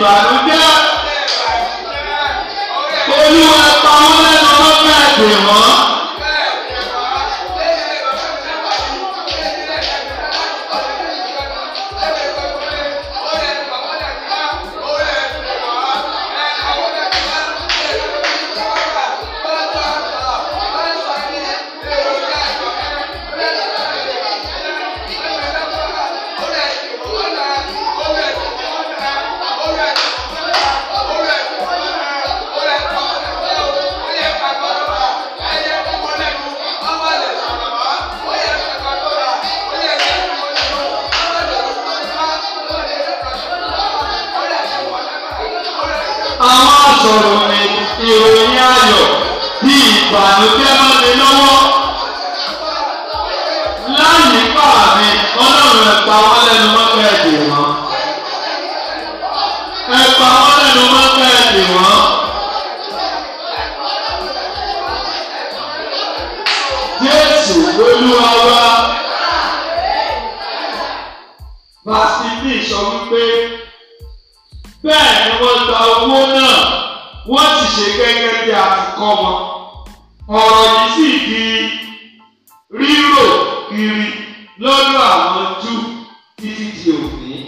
ìbànújẹ́ olúwa pa wọ́n lẹ́nu lọ́gbà àdèmọ́. sọ̀rọ̀ ní ìròyìn ayọ̀ bí ìbànújẹ́ má lè lọ́wọ́. Láyé pààmì ọlọ́run ẹ̀ pa wọ́n lẹ́nu mọ́tò ẹ̀dẹ̀ wọn. Ẹ pa wọ́n lẹ́nu mọ́tò ẹ̀dẹ̀ wọn. Jésù lolúwa wá. Vasi bí wípé bẹ́ẹ̀ ni wọ́n gba owó náà wọ́n ti ṣe gẹ́gẹ́ bí a ti kọ́ wọn. ọ̀rọ̀ yìí sì di rírò kiri lọ́dọ̀ àwọn jù títí di òní.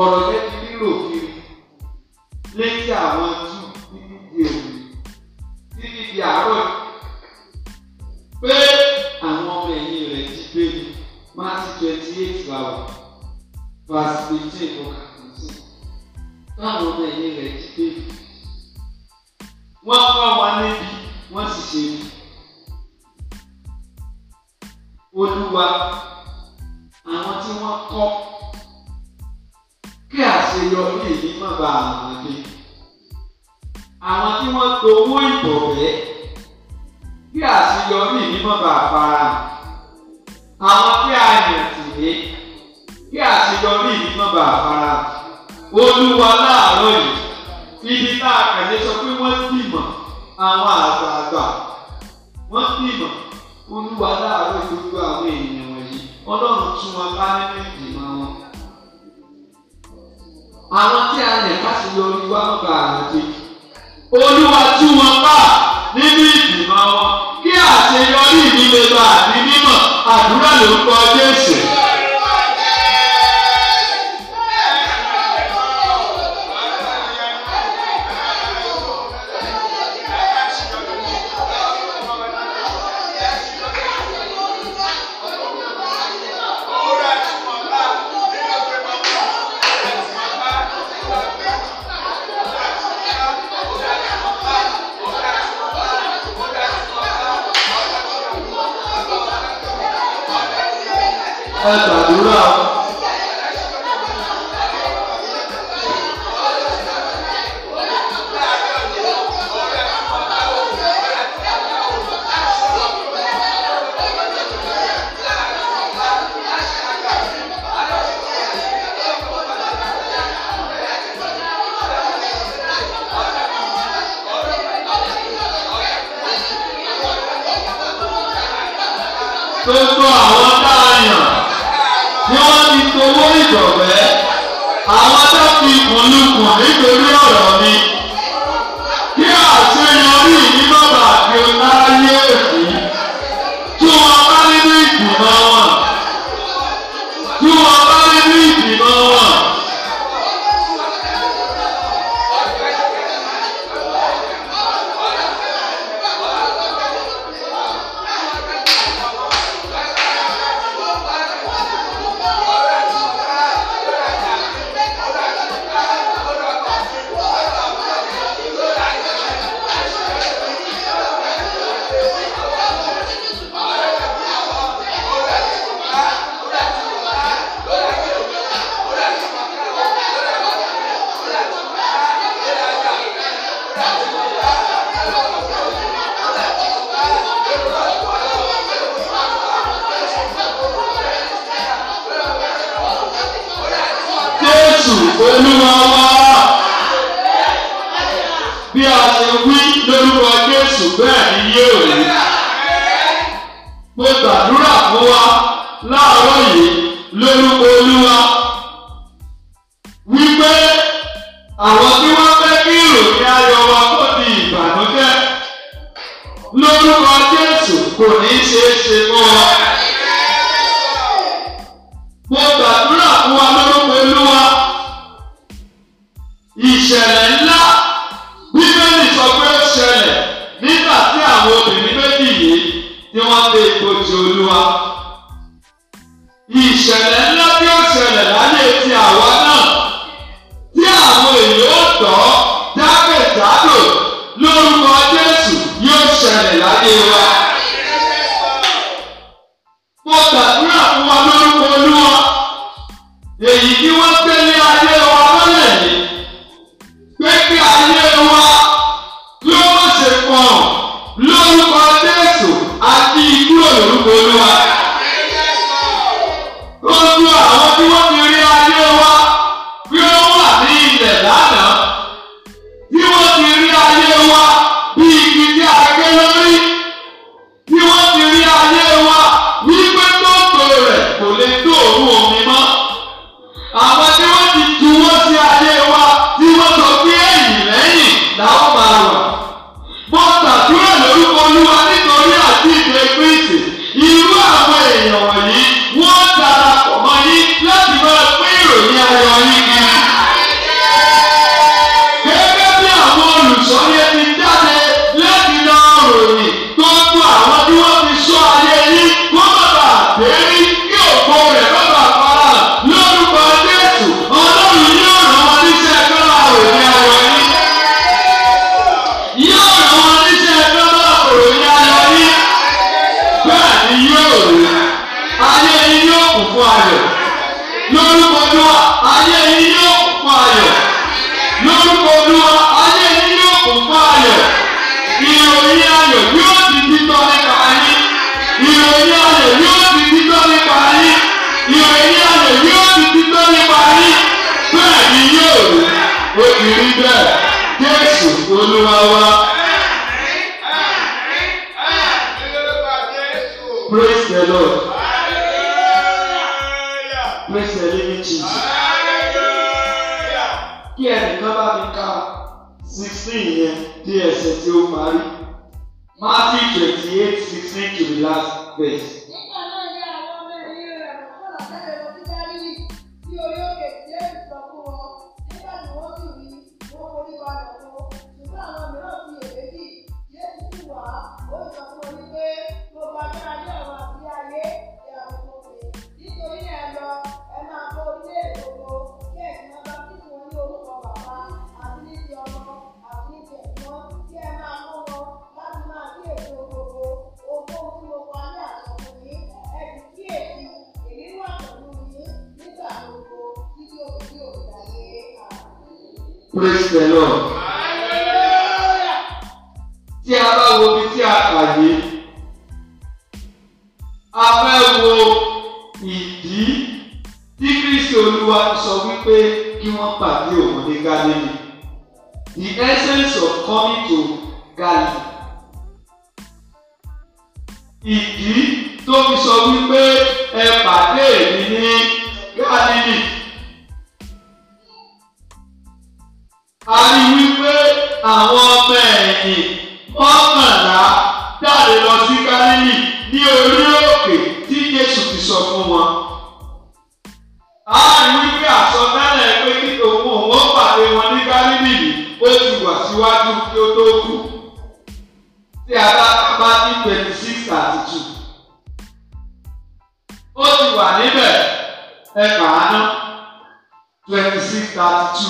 ọ̀rọ̀ yẹn di rírò kiri létí àwọn jù títí di òní títí di àárọ̀ pé àwọn ọmọ ẹ̀yìn rẹ̀ jí gbé ní Matthew twenty eight verse fifteen kọ́ka táwọn ọmọ ẹ̀yìn rẹ̀ ti dé wọ́n wá wa níbi wọ́n sì ṣe mí olúwa àwọn tí wọ́n kọ́ kí àṣeyọrí èyí má ba àwọn dé àwọn tí wọ́n to owó ìbọ̀wẹ́ kí àṣeyọrí èyí má ba àfara àwọn tí a yàn tì ní kí àṣeyọrí èyí má ba àfara olúwa láàárọ̀ yìí ibi tá a kàlẹ́ sọ pé wọ́n bímọ àwọn àgbààgbà wọ́n bímọ olúwa láàárọ̀ gbogbo àwọn èèyàn wọ̀nyí ọlọ́run tún wọn bá nínú ìgbìmọ̀ wọn. àwọn tí a yàn láti yọ olúwa wọn bá àrùn dé olúwa tún wọn bá nínú ìgbìmọ̀ wọn kí àṣeyọrí mi lè bá àbí mímọ̀ àdúrà ló ń kọ́ Jésù. 하였다. 아, nítorí ọ̀rọ̀ lórúkọ Jésù kò ní ṣeé ṣe mọ́. tí a bá Matthew twenty six thirty two ó ti wà níbẹ̀ ẹ kà á ná twenty six thirty two.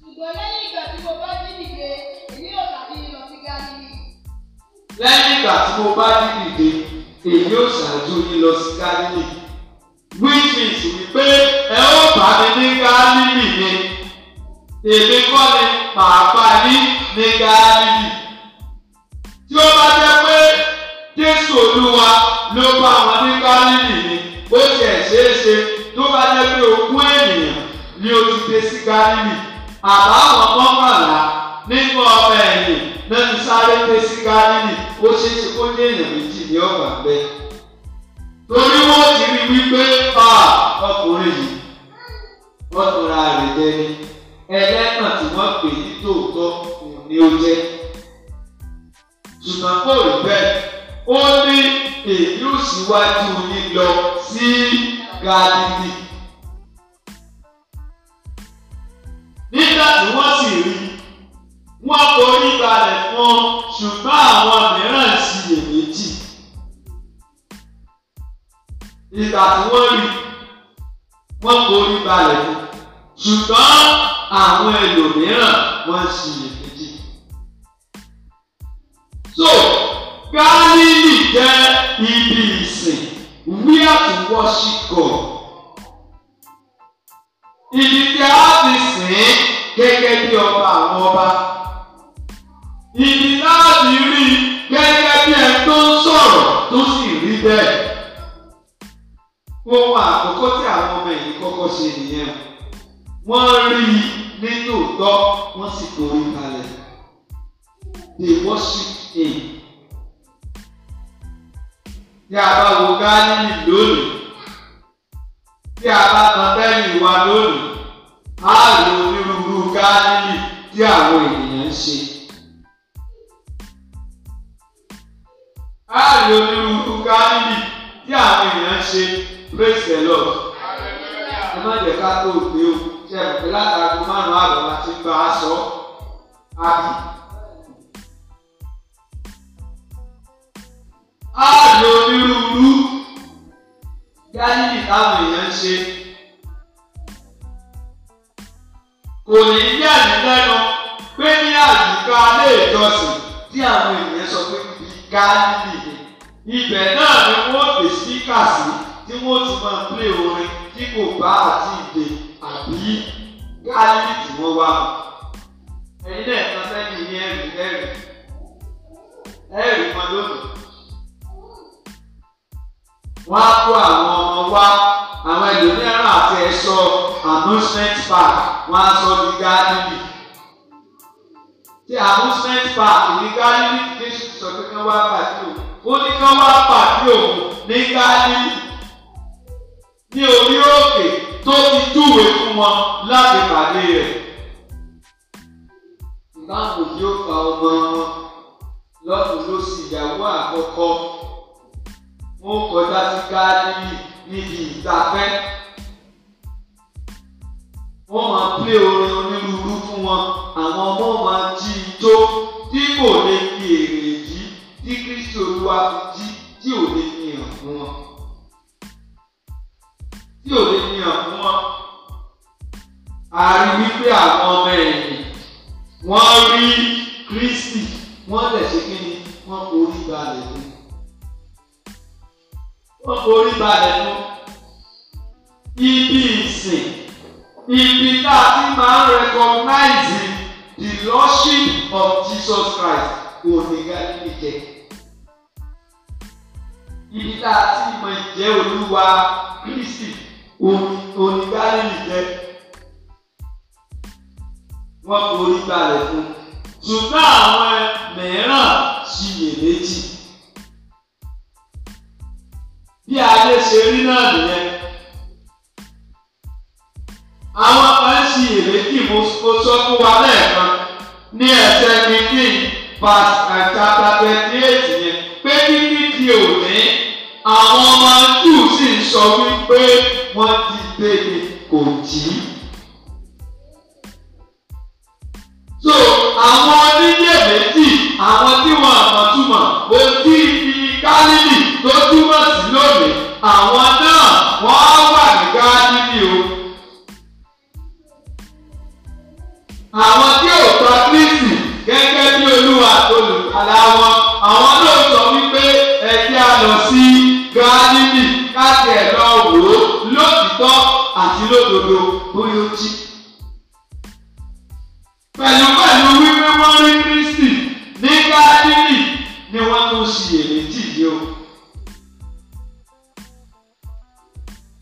ṣùgbọ́n lẹ́yìn ìgbà tí mo bá jí dìde èmi ò tàbí yín lọ sí Gálílì which means wípé ẹ ó bá mi ní Gálílì ni èmi kọ́ ni màá parí ní Gálílì. Tí ó bá jẹ́ pé Jésù Olúwa ló bá wọn ní Gálílì ni, ó tiẹ̀ ṣeé tó bá jẹ́ pé ogún ènìyàn ni ó ti dé sí Gálílì. Àbá àwọn mọ́kànlá nígbà ọmọ ẹ̀yìn náà ti sáré dé sí Gálílì, ó ṣeé ṣe kó ní èèyàn méjì ní ọ̀gbà bẹ́ẹ̀. Torí wọ́n ti rí wípé ọkùnrin yìí, wọ́n tora ni ẹlẹ́nà tí wọ́n pè ní tòótọ́ òun ni ó jẹ́ ṣùgbọ́n kò rí bẹ́ẹ̀ ó ní èyí ò síwájú yín lọ sí Gálílì. nígbà tí wọ́n sì rí wọ́n forí balẹ̀ fún ṣùgbọ́n àwọn mìíràn ṣiyèméjì. ìgbà tí wọ́n rí wọ́n forí balẹ̀ fún ṣùgbọ́n àwọn ẹlòmíràn wọ́n ṣiyèméjì. so Gálílì jẹ́ ibi ìsìn where to worship God. ibi tí a ti sìn gẹ́gẹ́ bí ọba àwọn ọba. ibi láti rí gẹ́gẹ́ bí ẹ tó ń sọ̀rọ̀ tó sì rí bẹ́ẹ̀. ohun àkọ́kọ́ tí àwọn ọmọ yìí kọ́kọ́ ṣe nìyẹn wọ́n rí i ní tòótọ́ wọ́n sì torí kalẹ̀ they worship him. Tí a bá wo Gálílì lónìí, tí a bá tan bẹ́ẹ̀lì wa lónìí, á lo onírúurú Gálílì tí àwọn ènìyàn ń ṣe. Á lo onírúurú Gálílì tí àwọn ènìyàn ń ṣe praise the Lord. Ẹ má jẹ́ ká tó gbé o kẹrìndé látàgbọ́ márùn-ún àbọ̀ láti gba aṣọ adi áàdì onírúurú yáyí táwọn èèyàn ń ṣe kò ní bí àmì lẹ́nu pé ní àyíká ilé ìjọsìn tí àwọn èèyàn sọ pé kì í ká nílé ibẹ̀ náà ni wọ́n pè síkà sí tí wọ́n ti máa pè orin tí kò bá àti ìdè sí gáàlì tí wọ́n wá ẹ̀yin náà kan sẹ́yìn ní ẹ̀rì ẹ̀rì ẹ̀rì kan lónìí. wọ́n á kó àwọn ọmọ wá àwọn ẹlòmíràn àti ẹ̀ṣọ́ amusement park wọ́n á sọ ní gáàlì. tí amusement park ní gáàlì ní kí n sọ pé kí wọ́n wá pàdé òun ó ní kí wọ́n wá pàdé òun ní gáàlì ní orí òkè tó ti júwe fún wọn láti pàdé rẹ̀. Ìmáàmù yóò fa ọmọ wọn lọ́dún ló sì ìyàwó àkọ́kọ́. Wọ́n kọjá sí gáàdìrì níbi ìgbafẹ́. Wọ́n máa pé orin onírúurú fún wọn. Àwọn ọmọ máa jí ijó tí kò lè fi èrè yìí tí Kristi Olúwa fi jí tí ò lè fi hàn fún wọn tí ò lè yàn fún wọn. a rí wípé àwọn ọmọ ẹ̀yìn wọ́n rí Kristi wọ́n lè ṣe kí ni wọ́n forí balẹ̀ fún wọ́n forí balẹ̀ fún ibi ìsìn ibi tá a ti máa ń recognize the lordship of Jesus Christ òní Gálílì jẹ́ ibi tá a ti mọ̀ jẹ́ olúwa Kristi orí gálílì jẹ wọ́n forí balẹ̀ fún ṣùgbọ́n àwọn mìíràn ṣiyèméjì bí adé ṣe rí náà nìyẹn àwọn kan ṣiyèméjì mo sọ fún wa lẹ́ẹ̀kan ní ẹsẹ̀ kìíní past and chapter twenty eight yẹn pé kíkí di òní àwọn ọmọ jù sì ń sọ wípé wọ́n ti gbé ni kò jí. so àwọn oníyèméjì àwọn tí wọn àmọ̀túmọ̀ ojú ibi Gálílì tó túmọ̀ sí lónìí àwọn náà wọ́n á wà ní Gálílì o. àwọn tí ò tọ́ Kristi gẹ́gẹ́ bí Olúwa àtolùkàlà wọn àwọn náà sọ wípé ẹ jẹ́ a lọ sí Gálílì káàkiri ẹ̀ lọ́wọ́ tọ́ àti lódodo bóyá ó jí. pẹ̀lú pẹ̀lú wípé wọ́n rí Kristi ní Gálílì ni wọ́n tún ṣiyèméjì yìí o.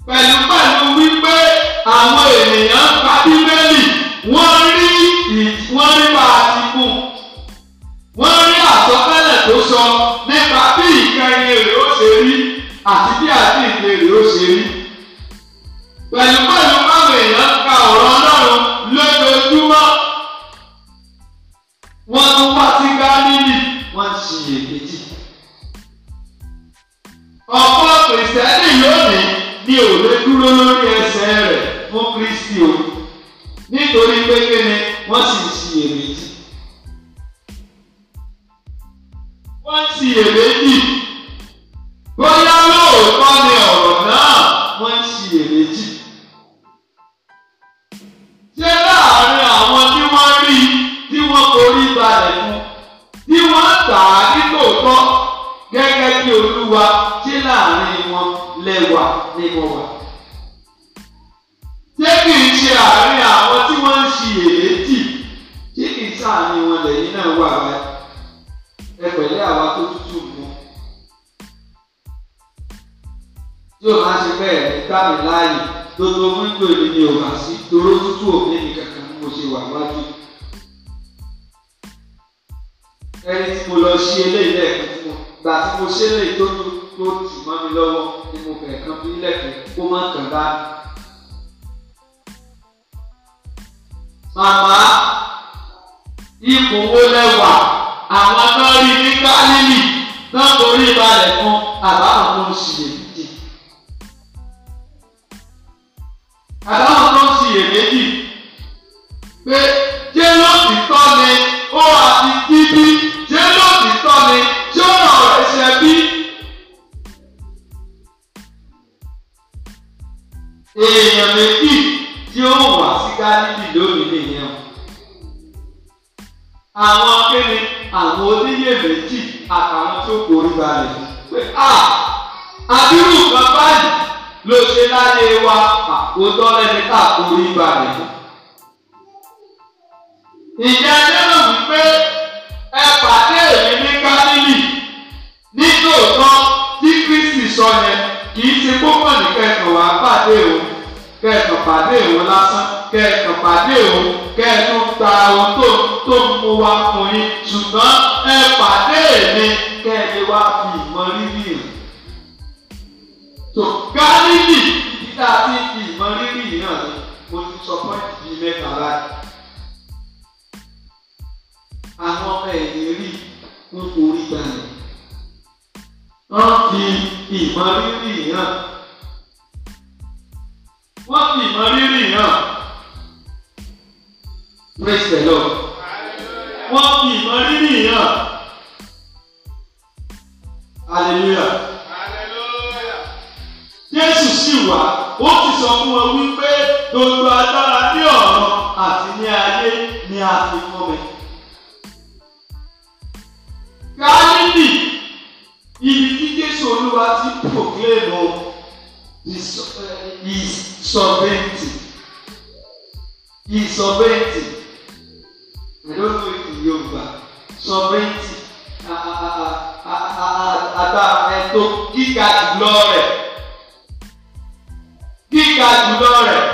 pẹ̀lú pẹ̀lú wípé àwọn ènìyàn pa Bíbélì wọ́n rí wọ́n rí bá a ti kún wọ́n rí àsọtẹ́lẹ̀ tó sọ nípa bí ìkẹyìn rẹ̀ ó ṣe rí àti bí àti ìkẹyìn rẹ̀ ó ṣe rí pẹ̀lú pẹ̀lú báwọn èèyàn ka ọ̀rọ̀ ọlọ́run lójoojúmọ́ wọ́n tún wá sí gálílì wọ́n ń ṣiyèméjì. ọ̀pọ̀ kìrìsìtẹ́nì lónìí ni ò lè dúró lórí ẹsẹ̀ rẹ̀ fún kristi o nítorí pé kíni wọ́n sì ń ṣiyèméjì. wọ́n ń ṣiyèméjì bóyá lóòótọ́ ni lóòótọ́ gẹ́gẹ́ bí olúwa tí láàrin wọn lẹ́wà ní wà. ṣé kì í ṣe àárín àwọn tí wọ́n ń ṣiyèméjì tí kì í sáàárín wọn lẹ́yìn náà wà rẹ̀ ẹ pẹ̀lẹ́ àwa tó tútù mú. yóò máa ṣe bẹ́ẹ̀ ní tàbí láàyè gbogbo wíńdò ni ò bá sí toró òfin nìkan kan mo ṣe wà wájú ẹni tí mo lọ ṣe eléyìí lẹ́ẹ̀kan tí mo gbà tí mo ṣe eléyìí tó tó tì mọ́ mi lọ́wọ́ ni mo bẹ̀rẹ̀ kan fi lẹ́ẹ̀kan kó má kàn bá. màmá ipò wo lẹ́wà àwọn náà rí ní gálílì náà torí ìbàlẹ̀ kan àbáwọn tó ń ṣiyèméjì. àbáwọn tó ń ṣiyèméjì pé jẹ́ lọ́sì ni ó àti bíbí. èèyàn méjì tí ó wà sí gálílì lónìí nìyẹn àwọn akéde àwọn oníyè méjì àtàwọn tó kórè balẹ̀ pé a abirù kan báyìí ló ṣe láyé wa àkótọ́ lẹ́ni tá a kórè balẹ̀. ìjà jẹ́nà wípé ẹ pàdé èmi ní gálílì nítòótọ́ tí Kristi sọ yẹn kì í ṣe púpọ̀ nìkẹ́kọ̀ọ́ wá pàdé òun kẹ́ẹ̀kan pàdé ìwọ lásán kẹ́ẹ̀kan pàdé ìwọ kẹ́ẹ̀kan gba ohun tó tó ń mú wá fún yín ṣùgbọ́n ẹ pàdé èmi kẹ́ẹ̀lé wá fi ìmọ̀ rírì rìn. tó Gálílì títà tí fi ìmọ̀ rírì náà ni mo ti sọ pọ́ìntì bíi mẹ́ta láì. àwọn ọmọ ẹ̀yìn rí wọn kò rí gbàlẹ̀. wọ́n fi ìmọ̀ rírì hàn wọ́n fi ìmọ̀ rírì hàn praise the Lord wọ́n fi ìmọ̀ rírì hàn hallelujah Jésù sì wà ó ti sọ fún wọn wípé gbogbo agbára ní ọ̀run àti ní ayé ni a fi fún mi. Gálílì ibi tí Jésù Olúwa ti proclaim his sovereignty. His sovereignty. I don't know if in Yorùbá sovereignty àgbà ẹ̀tọ́ gíga jùlọ rẹ̀ gíga jùlọ rẹ̀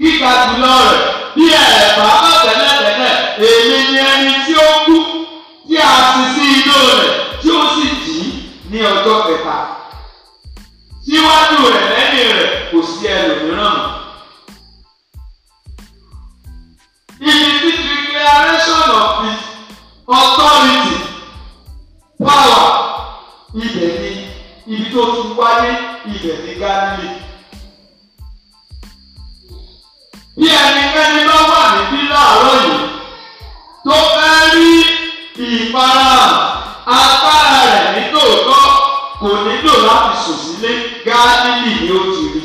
gíga jùlọ rẹ̀ bí ẹ̀rẹ̀ bá. authority power ibẹ̀ ni ibi tó ti wáyé ibẹ̀ ni Gálílì. bí ẹnikẹ́ni bá wà níbí láàárọ̀ yìí tó fẹ́ rí ìpara agbára rẹ̀ nítòótọ́ kò nílò láti sùn sílé Gálílì ni ó ti rí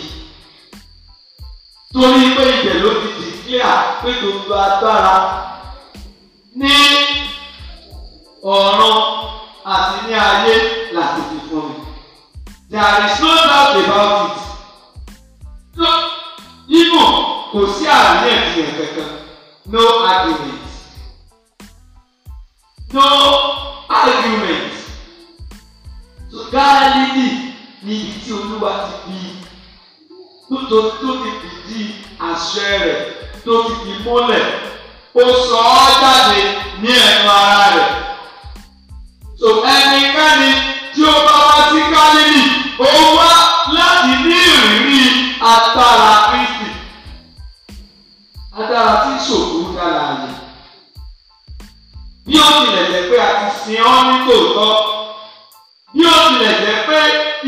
torí pé ibẹ̀ ló ti dìklíà pé gbogbo agbára ní ọ̀run àti ní ayé láti fi fún mi. There is no doubt about it. So, even kò sí àríyànjiyàn kankan. No argument. No argument. So Gálílì ni ibi tí Olúwa ti bí tó tó ti fìdí àṣẹ rẹ̀ tó ti fi múlẹ̀ ó sọ ọ́ jáde ní ẹnu ara rẹ̀ so ẹnikẹ́ni tí ó bá wá sí Gálílì ó wá láti ní ìrírí agbára Kristi agbára tí ṣòkú dára yìí bí ó tilẹ̀ jẹ́ pé a ti sin ọ́ ní tòótọ́ bí ó tilẹ̀ jẹ́ pé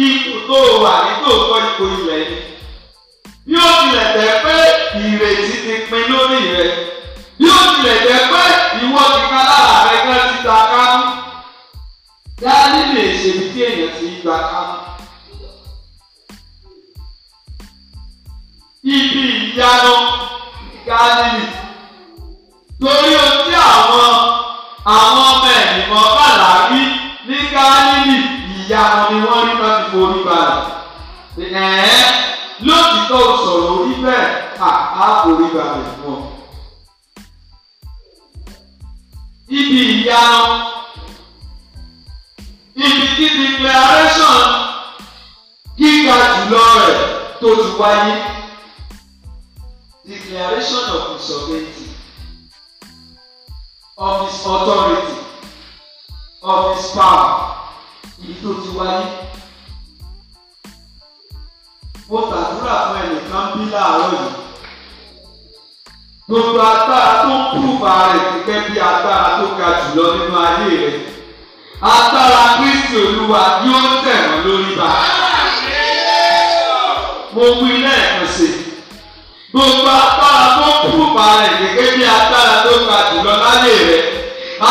ipò tó wà ní tòótọ́ ipò ilẹ̀ yìí bí ó tilẹ̀ jẹ́ pé ìrètí ti pin lórí rẹ̀ bí ó tilẹ̀ jẹ́ pé ìwọ Abraham. Ibi ìyanu Galili. Torí ohun tí àwọn àwọn ọmọ ẹ̀yìn kan bàlá rí ní Galili ìyanu ni wọ́n rí bá ti forí balẹ̀. Ẹ̀ẹ́ lóòtítọ́ sọ̀rọ̀ orí bẹ́ẹ̀ àá forí balẹ̀ fún ọ. Ibi ìyanu ibi tí declaration gíga jùlọ rẹ̀ tó ti wáyé declaration of his sovereignty of his authority of his power ibi tó ti wáyé mo gbàdúrà fún ẹnìkan bí láàárọ̀ yìí gbogbo agbára tó ń prove ara rẹ̀ gẹ́gẹ́ bí agbára tó ga jùlọ nínú ayé rẹ̀ agbára kristi olúwa yóò tẹ̀ wọ́n lórí ba. mo wí lẹ́ẹ̀kan sí i gbogbo agbára tó kú parẹ̀ gẹ́gẹ́ bí agbára tó ga jùlọ lálẹ́ rẹ̀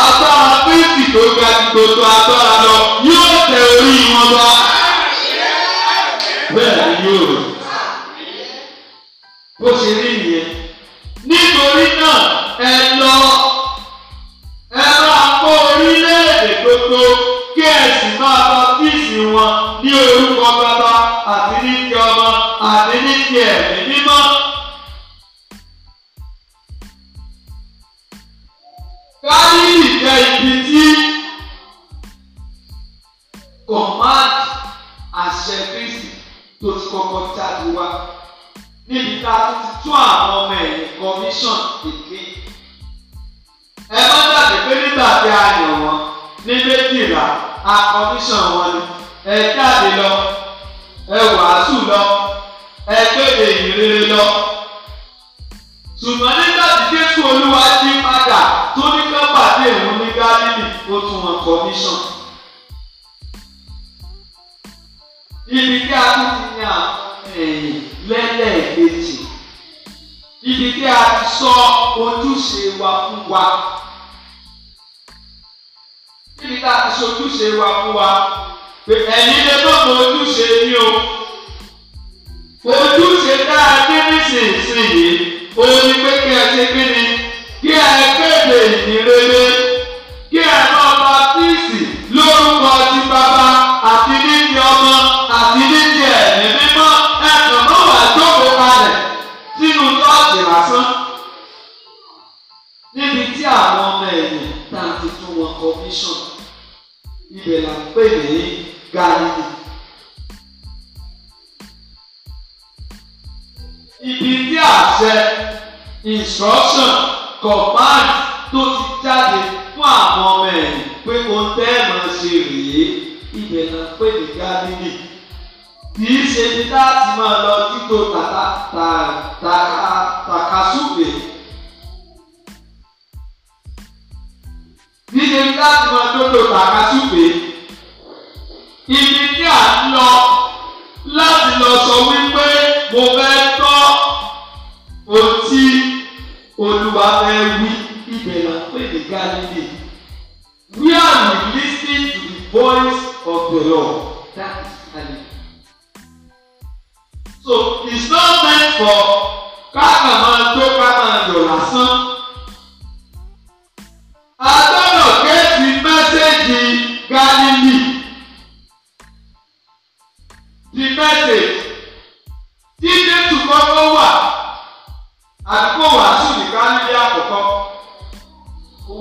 agbára kristi tó ga ju gbogbo agbára lọ yóò tẹ̀ orí wọn ba. bẹ́ẹ̀ ni yóò rò bó ṣe rí nìyẹn nítorí náà. ní orúkọ bàbá àti ní ti ọmọ àti ní ti ẹ̀mí mímọ́. Káyìí jẹ́ ibi tí command àṣẹ Kristi tó ti kọ́kọ́ jáde wá níbi tá a ti tún àwọn ọmọ ẹ̀yìn commission kékeré. Ẹ má gbàgbé pé nígbà tí a yàn wọ́n ní méjìlá a commission wọn ni ẹ jáde lọ ẹ wàásù lọ ẹ kéde ìrere lọ ṣùgbọ́n nígbà tí Jésù Olúwa ti padà tó ní ká pàdé ìrun ní Gálílì ó tún wọn kọmíṣàn. ibi tí a tún ti yan ẹ̀yìn lẹ́lẹ́ẹ̀kejì ibi tí a ti sọ ojúṣe wa fún wa níbi tá a ti sojúṣe wa fún wa pé ẹ̀yin lè má mọ ojúṣe yín o ojúṣe tá a dé nísinsìnyí òun ni pé kí a ṣe kí ni kí a kéde ìrere kí a máa baptisi lórúkọ ti bàbá àti nídìí ọmọ àti nídìí ẹ̀mí mímọ́ ẹ̀kan mọ́ wà jókòó kalẹ̀ sínú tọ́ọ̀tì lásán níbi tí àwọn ọmọ ẹ̀yìn tá a ti tún wọn kọmíṣọ̀n ibẹ̀ là ń pè ní gani. Ibi tí àṣẹ instruction command tó ti jáde fún àwọn ọmọ ẹ̀yìn pé ohun tẹ́ ẹ̀ máa ṣe rèé ibẹ̀ náà pè ní gánìlì kì í ṣe ní láti máa lọ títò tàkàsúfè. Kì í ṣe ní láti máa tó tó tàkàsúfè ibi tí à lọ láti lọ sọ wípé mo fẹ́ tọ́ ohun olúwa fẹ́ wí ibẹ̀ là ń pè ní Galilee where we listen to the voice of the Lord that is Galilee so it's not meant for ká kàn máa tó ká máa yọ̀ lásán. a gbọ́dọ̀ mẹ́sẹ̀gì Galilee the message tí jésù kọ́kọ́ wà àti kó wàásù nìkan níbi àkọ́kọ́ ó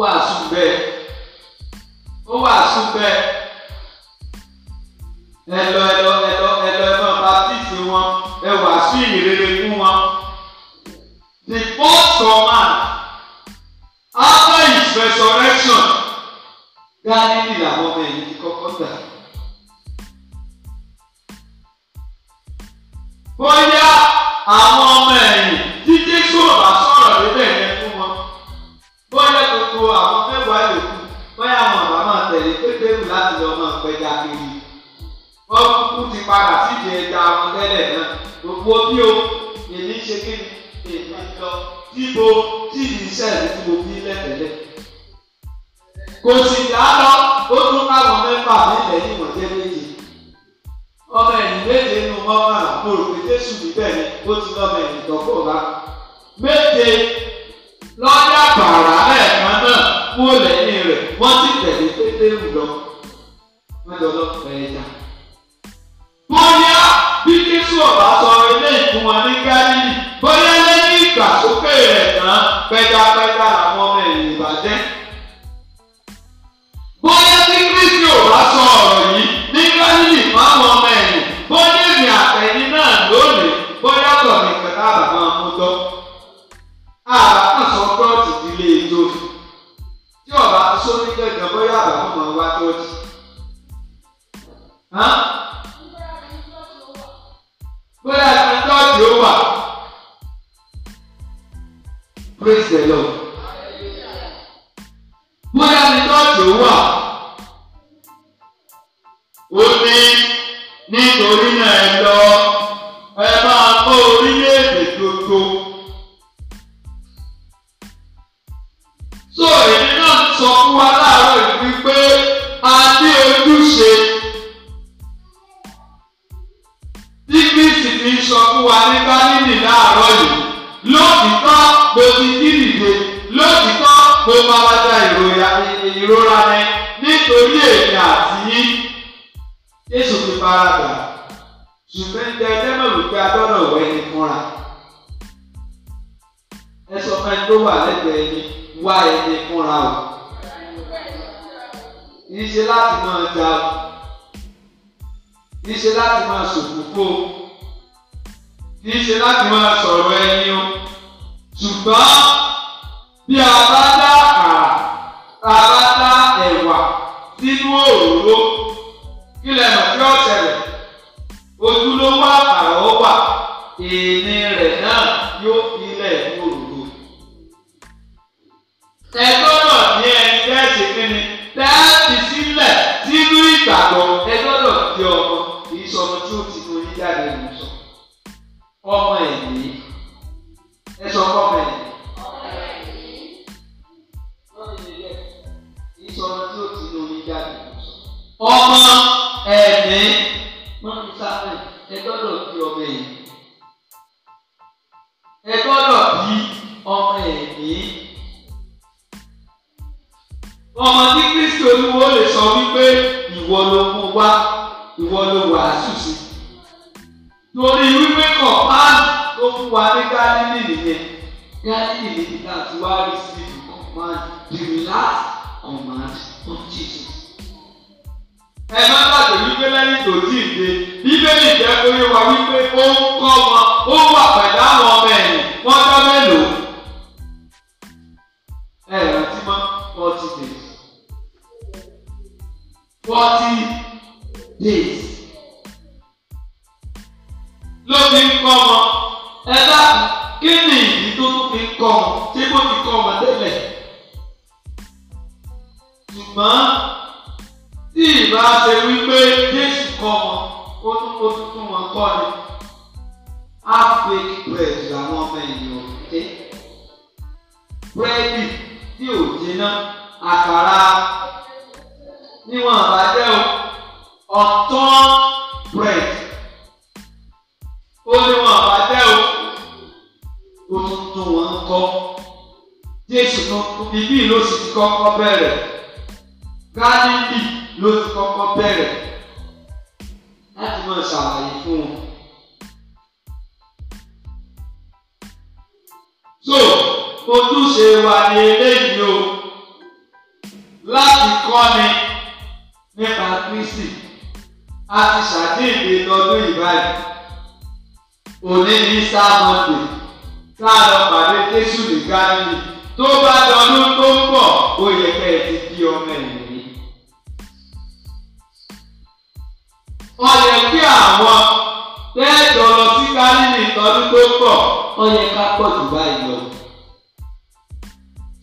wàásù bẹ́ẹ̀ ó wàásù bẹ́ẹ̀ ẹ lọ ẹ lọ ẹ lọ ẹ lọ ẹ lọ baptiste wọn ẹ wàásù ìrere fún wọn the first command after his resurrection Gálílì làwọn ọmọ ẹ̀yìn ti kọ́kọ́ gbà. bóyá àwọn ọmọ ẹ̀yìn tí Jésù ọ̀bà sọ̀rọ̀ níbẹ̀ yẹn fún wọn bóyá gbogbo àwọn mẹ́wàá yòókù bóyá àwọn ọ̀bà máa tẹ̀lé Pétérù láti lọ máa pẹja kiri wọ́n kúkú ti padà síbi ẹja wọn tẹ́lẹ̀ náà gbogbo bí o èmi ṣe kí ni èmi lọ síbo tí ìṣẹ̀lẹ̀ tí mo fi lẹ́tẹ̀lẹ̀ kò sì dáa ó ti lọ bẹ̀rẹ̀ ìtọ́kọ̀ la méje lọ́jà bàrà ẹ̀ẹ̀kan náà kú lẹ́yìn rẹ̀ wọ́n ti tẹ̀lé pétérù lọ wọ́n jọ lọ bẹ̀rẹ̀ jà. bóyá bí jésù ọ̀bá sọ ilé ìfún wọn ní gálílì bóyá lẹ́yìn ìgbàsókè rẹ̀ tán pẹ́jápẹ́já làwọn ọmọ ẹ̀yìn ìbàjẹ́. àwọn ọmọ wa tọ́jú. Bóyá àti tọ́jú ó Praise the Lord. Bóyá àti tọ́jú ó wà. kì í sọ̀rọ̀ tí ó ti torí jáde ló sọ. ọmọ ẹ̀mí ẹ sọ fún ọmọ ẹ̀mí. kì í sọ̀rọ̀ tí ó ti torí jáde ló sọ. ọmọ ẹ̀mí wọ́n ti sáré ẹ gbọ́dọ̀ bí ọmọ ẹ̀mí. ẹ gbọ́dọ̀ bí ọmọ ẹ̀mí. ọmọ tí Kristi olúwo lè sọ wípé ìwọ ló mú wá ìwọ ló wà á ṣùṣù. torí wípé kọ̀ọ̀pá ló fún wa ní gálílì nìyẹn gálílì níbi náà ti wá rí sí command the last command of Jesus. ẹ má gbàgbé wípé lẹ́yìn tó tí ì dé bíbélì jẹ́ oyè wa wípé ó ń kọ́ wọn ó wà pẹ̀lú àwọn ọmọ ẹ̀yìn wọ́n jọ mélòó. ẹ rántí mọ́ forty days forty days. ló fi ń kọ́ ọmọ ẹ bá kí ni ìdí tó tún fi ń kọ́ ọmọ tí bó ti kọ́ ọmọ tẹ́lẹ̀. ṣùgbọ́n tí ìbá ṣe wípé Jésù kọ́ ọmọ ó tún ó tún tún wọn kọ́ ni á fi bẹ̀rẹ̀ làwọn ọmọ ènìyàn dé. búrẹ́dì tí ò jiná àkàrà níwọ̀n àbájẹ́ o ọ̀tán bread ó ní wọn àbájá o ó ń dùn wọn ń kọ́ jésù ibi ló sì ti kọ́kọ́ bẹ̀rẹ̀ gálílì ló ti kọ́kọ́ bẹ̀rẹ̀ láti máa ṣàlàyé fún wọn. so ojúṣe wa ni eléyìí o láti kọ́ni nípa Kristi a ti ṣàdéhìde lọ́dún ìbáyìí òní ní sáàmọ̀tì sáàlọ́ pàdé jésù ní gálílì tó bá dọdún tó ń bọ̀ ó yẹ kẹ́ ẹ ti di ọmọ ẹ̀yìn. ó yẹ kí àwọn tẹ́ẹ̀dọ̀ lọ sí gálílì lọ́dún tó ń bọ̀ ó ká pọ̀ jù báyìí lọ.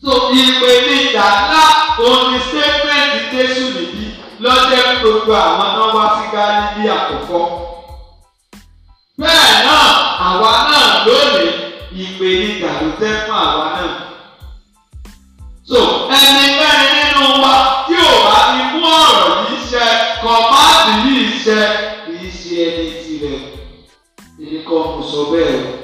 so ìpèníjà ńlá òun ni lọ́jẹ́ gbogbo àwọn tó wá sí Gálílì àkọ́kọ́. Bẹ́ẹ̀ náà àwa náà lónìí ìpèníjà ló jẹ́ fún àwa náà. So ẹni mẹ́rin nínú wa tí ò bá ti mú ọ̀rọ̀ yìí ṣe kọ̀máàdì yìí ṣe kì í ṣe ẹni tirẹ̀. Èmi kan kò sọ bẹ́ẹ̀ o.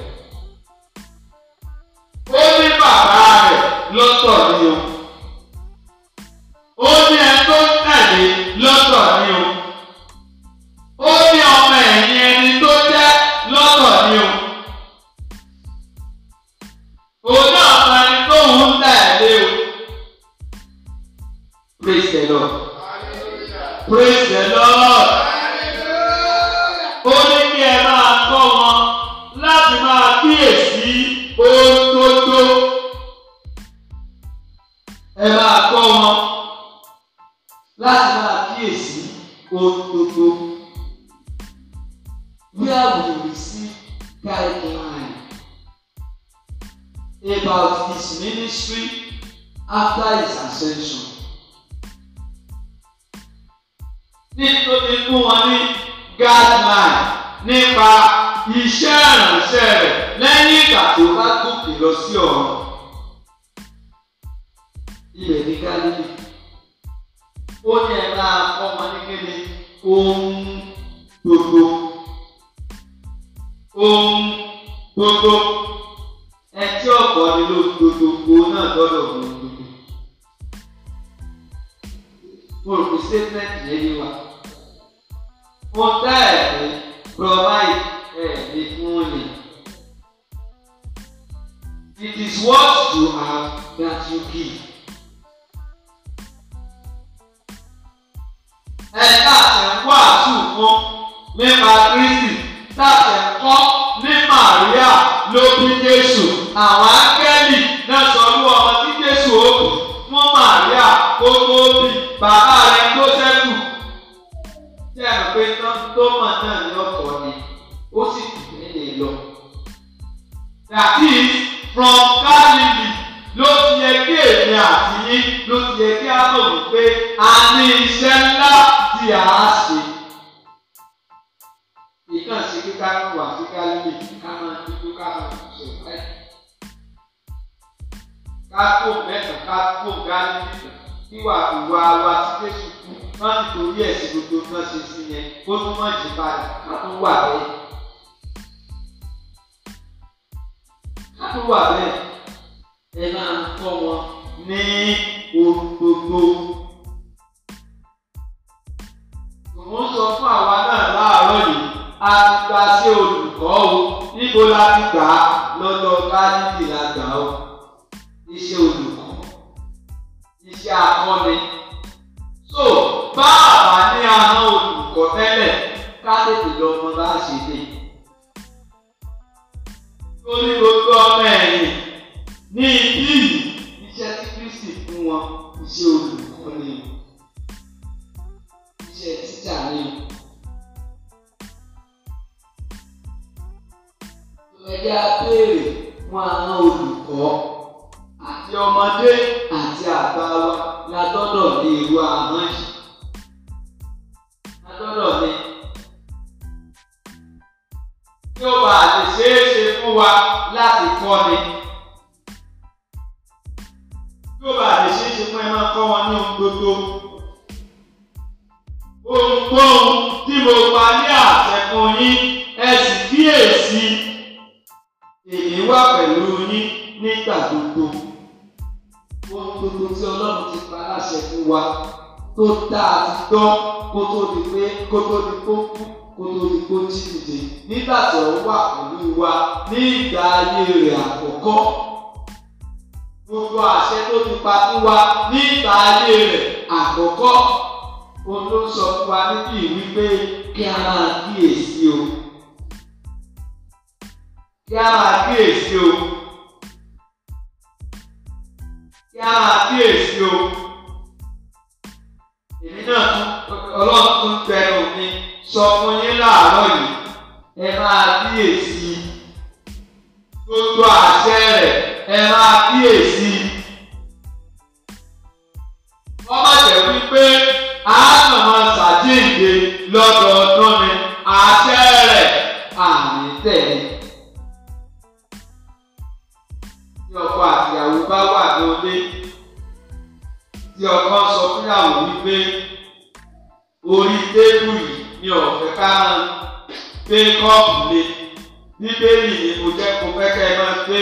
ministry after his ascension. Nítorí fún wọn ní guideline nípa iṣẹ́ ìrànṣẹ́ rẹ̀ lẹ́yìn ìgbà tó bá gòkè lọ sí ọ̀run. Ilẹ̀ ní Gálílì. Ó ní ẹ̀ máa ọmọ ní kíni ohun gbogbo. Ohun gbogbo náà gbọ́dọ̀ mú un gbogbo. Mo rò pé statement yẹn ni wà. Wọ́n dá ẹ̀fẹ́ provide ẹ̀ẹ́dì fún It is what you have that you give. Ẹ̀ka àtẹ̀kọ́ àtúnkọ́ nípa Kristi tàtẹ̀kọ́ ní Màríà ló Jésù àwọn. bàbá rẹ tó sẹ́kù tí a mọ̀ pé tó mọ̀ náà ní ọ̀tọ̀ ni ó sì tù ní lè lọ. that is from Galilee ló ti yẹ kí èmi àti yín ló ti yẹ kí á mọ̀ wípé a ní iṣẹ́ ńlá tí a á ṣe. ìtàn sí kíkà wà sí Galilee ká máa dúdú ká máa ṣe ìwádìí. ká kó mẹ́tàn ká kó Galilee tàn wíwà ìwà wa tí Jésù kú máa ń torí ẹ̀sìn gbogbo náà ṣe sí yẹn kó tún mọ̀ jù balẹ̀ ká tún wà bẹ́ẹ̀. ká tún wà bẹ́ẹ̀ ẹ máa ń kọ́ wọn ní ohun gbogbo. Òun sọ fún àwa náà láàárọ̀ yìí, a gba sí olùkọ́ o, níbo la ti gbà á lọ́dọ̀ Gálílì. gbogbo tí Ọlọ́run ti pa láṣẹ fún wa tó dáa ti gbọ́ kó tó di pé kó tó di kó kú kó tó di kó jí dìde nígbà tó wà pẹ̀lú wa ní ìgbà ayé rẹ̀ àkọ́kọ́ gbogbo àṣẹ tó ti pa fún wa ní ìgbà ayé rẹ̀ àkọ́kọ́ òun sọ fún wa níbí wípé kí a máa kíyèsí o kí a máa kíyèsí o kí á máa kíyèsí o èmi náà ọlọ́run tún tẹnu mi sọ fún yín láàárọ̀ yìí ẹ máa kíyèsí gbogbo àṣẹ rẹ̀ ẹ máa kíyèsí wọ́n má jẹ́ wípé a máa ṣàjíǹde lọ́dọ̀. yàwó wípé orí tébù yìí mi ò fẹ́ ká máa gbé kọ́ọ̀pù lé bíbélì ni mo jẹ́ kó fẹ́ kẹ́ ẹ máa gbé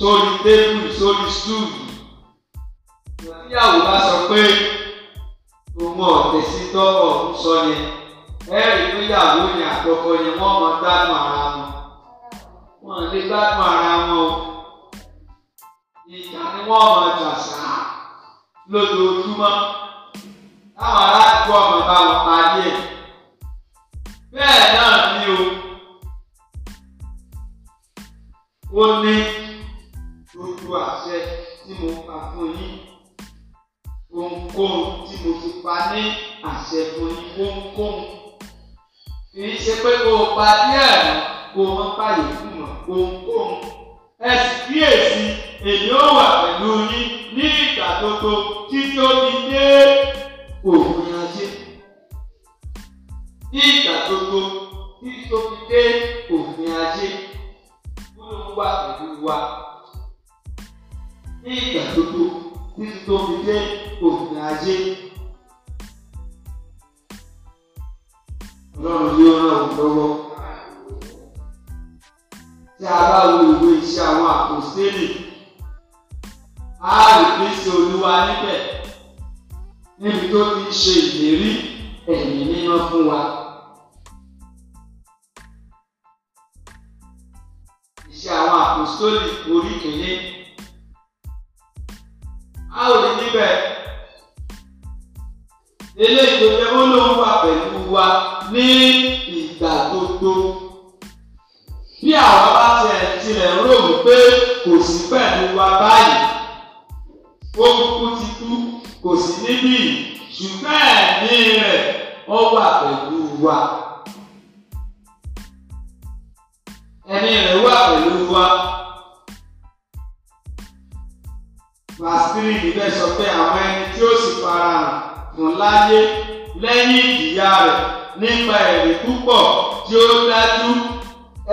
sórí tébù yìí sórí stúùlù. ìyàwó bá sọ pé òun ọ̀tẹ̀ sí tọ́wọ̀ ń sọ yẹn ẹ̀rí pé ìyàwó ni àtọkọ yẹn wọ́n mọ gbádùn ara wọn wọ́n lè gbádùn ara wọn o ìjà ni wọ́n mọ jà sáà lójoojúmọ́ táwọn aráàlú ọmọ bá wọn parí ẹ̀ bẹ́ẹ̀ náà ni o ó ní gbogbo àṣẹ tí mo pa fún yín ohunkóhun tí mo ti pa ní àṣẹ fún yín ohunkóhun kì í ṣe pé kó o pa díẹ̀ kó o mọ́ pààyè fún mọ́ ohunkóhun ẹ sì kíyèsí èyí ó wà pẹ̀lú yín ní ìgbà gbogbo títí ó fi dé òògùn ajé ní ìgbà gbogbo títí tó fi dé òògùn ajé kúló ń wà pẹ̀lú wa ní ìgbà gbogbo títí tó fi dé òògùn ajé. Ọlọ́run yóò ràn wọ́n lọ́wọ́. Tí a bá wo ìwé iṣẹ́ àwọn àpòstélì, a rí Kristi Olúwa níbẹ̀ níbi tó ti ṣe ìlérí ẹ̀yìn mímọ́ fún wa. Ìṣe àwọn àpòstólì orí kìíní. A ò lè níbẹ̀. Eléyìí tó jẹ́ ó lóun wà pẹ̀lú wa ní ìgbà gbogbo. Bí àwa bá tiẹ̀ tilẹ̀ rò wípé kò sí pẹ̀lú wa báyìí, ó kú kò sí níbí ṣùgbọ́n ẹ̀mí rẹ̀ ó wà pẹ̀lú wa. ẹ̀mí rẹ̀ wà pẹ̀lú wa. Fàṣírì níbẹ̀ sọ pé àwọn ẹni tí ó sì farahàn fún láyé lẹ́yìn ìjìyà rẹ̀ nípa ẹ̀rí púpọ̀ tí ó dájú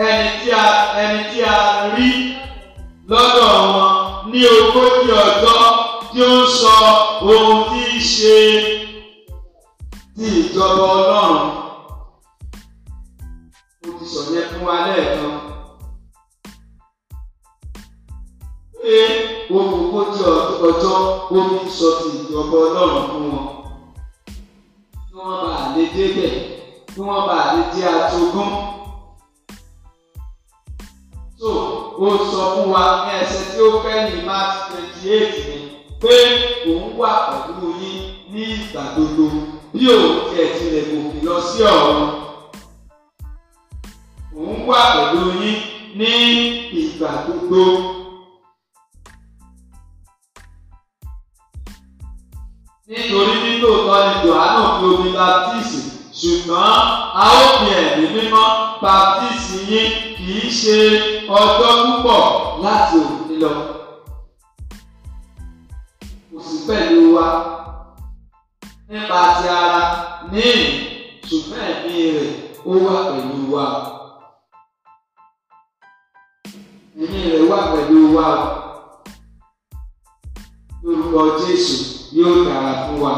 ẹni tí a ẹni tí a rí lọ́dọ̀ wọn ní ogójì ọjọ́ tí ó ń sọ ohun tí í ṣe ti ìjọba Ọlọ́run mo ti sọ yẹn fún wa lẹ́ẹ̀kan pé ogójì ọjọ́ ó ń sọ ti ìjọba Ọlọ́run fún wọn kí wọ́n bá lè débẹ̀ kí wọ́n bá lè jẹ́ àtogún so ó sọ fún wa ní ẹsẹ̀ tí ó fẹ́ ní march twenty eight ni pé òun wà pẹ̀lú yín ní ìgbà gbogbo bí òun tiẹ̀ tilẹ̀ kò fi lọ sí ọ̀run òun wà pẹ̀lú yín ní ìgbà gbogbo. nítorí nítòótọ́ ni Jòhánù fi omi baptisi ṣùgbọ́n a ó fi ẹ̀mí mímọ́ baptisi yín. kì ọjọọ ṣe ọjọ́ púpọ̀ láti òní lọ. Kò sí pẹ̀lú wa nípa ti ara ní ìlú ṣùgbọ́n ẹ̀mí rẹ̀ ó wà pẹ̀lú wa. Ẹ̀mí rẹ̀ wà pẹ̀lú wa o. Lórúkọ Jésù yóò dára fún wa.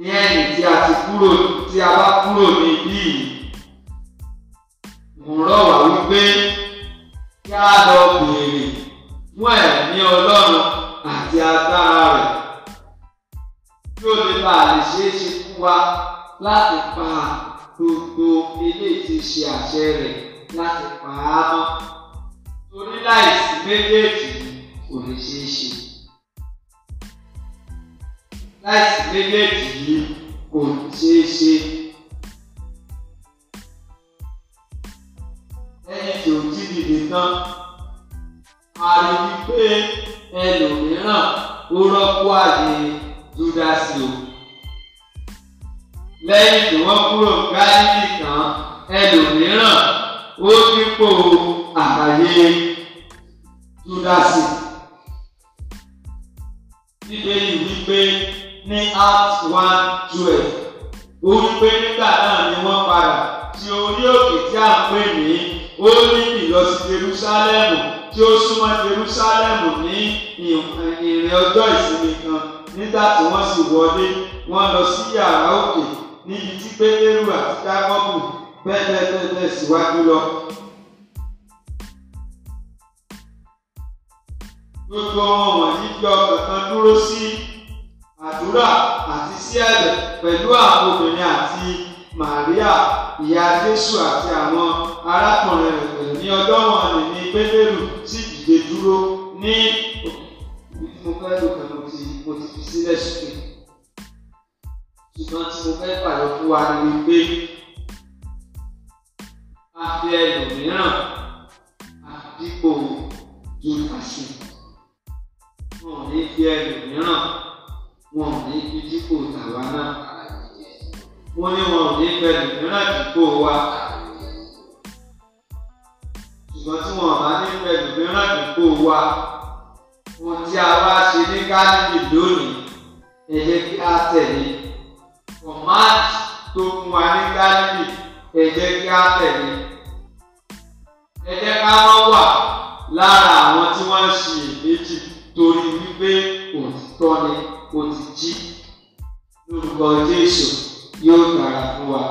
ní ẹ̀yìn tí a ti kúrò tí a bá kúrò ní ibí yìí mo rọ̀ wá wípé kí a lọ béèrè fún ẹ̀mí ọlọ́run àti agbára rẹ̀ kí ó lè bá a lè ṣeé ṣe fún wa láti pa gbogbo eléyìí tí ṣe àṣẹ rẹ̀ láti pa á mọ́ torí láìsí méjèèjì kò lè ṣeé ṣe láìsí méjèèjì yìí kò ṣeé ṣe. ẹni tí ò jí dìde tán a rí i pé ẹlòmíràn ó rọ́pò àyè júdásì o. lẹ́yìn tí wọ́n kúrò gáàlì tán ẹlòmíràn ó dípò àbáyé júdásì. níbẹ̀ yìí wípé ní Acts one twelve ó ń pé nígbà náà ni wọ́n padà tí orí òkè tí a ń pè ní ó ní ìlọsí Jerusalem tí ó súnmọ́ Jerusalem ní ìrìn ọjọ́ ìsinmi kan nígbà tí wọ́n sì wọlé wọ́n lọ sí yàrá òkè níbi tí Pétérù àti Jákọ́bù pẹ́ẹ́pẹ́ẹ́pẹ́ síwájú lọ. gbogbo wọn wọ̀nyí fi ọkàn kan dúró sí àdúrà àti síẹ̀lẹ̀ pẹ̀lú àwọn obìnrin àti Màríà ìyá Jésù àti àwọn arákùnrin rẹ̀ pẹ̀lú ní ọjọ́ wọn ni ní Pétérù sì dìde dúró ní mo fẹ́ lò pé mo ti mo ti fi sílẹ̀ sókè ṣùgbọ́n tí mo fẹ́ pàyọ̀ fún wa ni pé a fi ẹlòmíràn àdìpọ̀ Júdásì wọn ò ní fi ẹlòmíràn wọn ò ní fi dípò tàwa náà. wọ́n ní wọn ò ní fẹ́ lùmíràn dípò wa. ṣùgbọ́n tí wọn bá ní fẹ́ lùmíràn dípò wa wọn tí a wá ṣe ní gánìlì lónìí ẹ jẹ́ kí a tẹ̀lé format tó fún wa ní gánìlì ẹ jẹ́ kí a tẹ̀lé ẹ ká wọ́n wà lára àwọn tí wọ́n ń ṣiyèméjì torí wípé òtítọ́ ni ó ti jí lórúkọ Jésù yóò dára fún wa.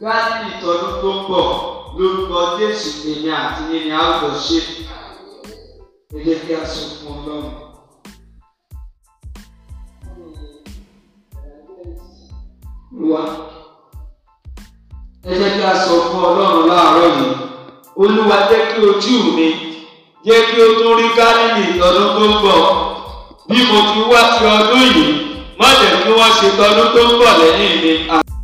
láti ìtọ́jú tó ń bọ̀ lórúkọ Jésù èmi àti yìnyín á lọ ṣe é jẹ́ kí a sọ fún Ọlọ́run. wa ẹ kí a sọ fún Ọlọ́run láàárọ̀ yìí Olúwa jẹ́ kí ojú mi jẹ́ kí o tún rí Gálílì lọ́dún tó ń bọ̀ bí mo ti wá sí ọdún yìí má jẹ́ kí wọ́n ṣe tọdún tó ń bọ̀ lẹ́yìn mi.